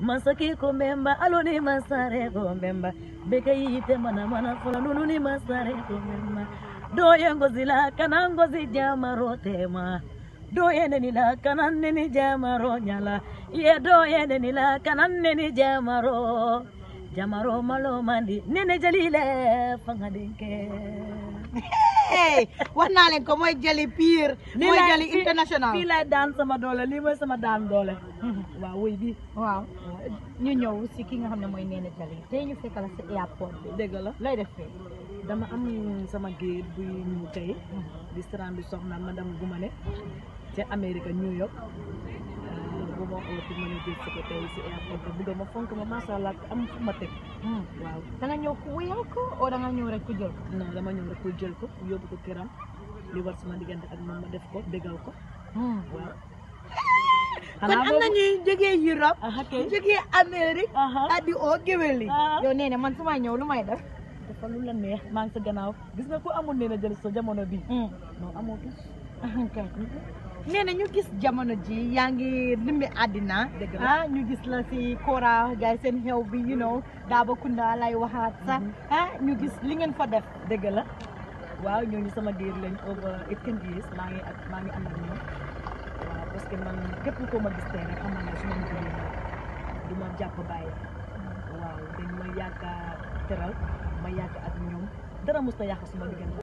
masaki komemba alo ni masare komemba beke yiite manamana fola lulu ni masare komemba doye ngozila kana ngozi jamaro tema doye nenila kana neni jamaro nyala ye doye nenila kana neni jamaro jamaro malomandi nene jalile fanga denke wax naa leen ko mooy jali pire mooy jali international fii lay daan sama doole lii mooy sama daan doole waaw woy bi waaw ñu ñëw si ki nga xam ne mooy nene jali tey ñu fekk si airport bi lay def fee dama am sama géer buy ñu tey hmm. di strand soxna madame Gumane ca Amérique New York guma o tumanigi sa katay si Epo kabuga mo fong kumamasalak am matik ya. hmm wow tangan nyo kuya ko o tangan nyo rek kujol ko no dama nyo rek kujol ko yob ko kiram li war sama digante ak mama def ko degal ko hmm wow kon am na ñuy Europe jógee Amérique a di oo géwél yi yow man su may lu may def dafa lu la neex eh. maa ngi sa gannaaw gis nga ku amul nee jël sa jamono bii hmm. non amoo tus nena ñu gis jamono ji yaa ngi limbi àddina ah ñu gis la ci Kora gay seen xew bi you know kunda lay waxat sax ha mm-hmm. ah, ñu gis li ngeen fa def deug la waaw ñu sama diir lañ over can be maa ngi ak maa ngi am ak waaw parce que man kepp ko ma gis tey rek xam naa su ma géer du ma japp baye mm-hmm. waaw dañ ma yaaka teral ma yaaka ak ñoom dara mos na suma diggante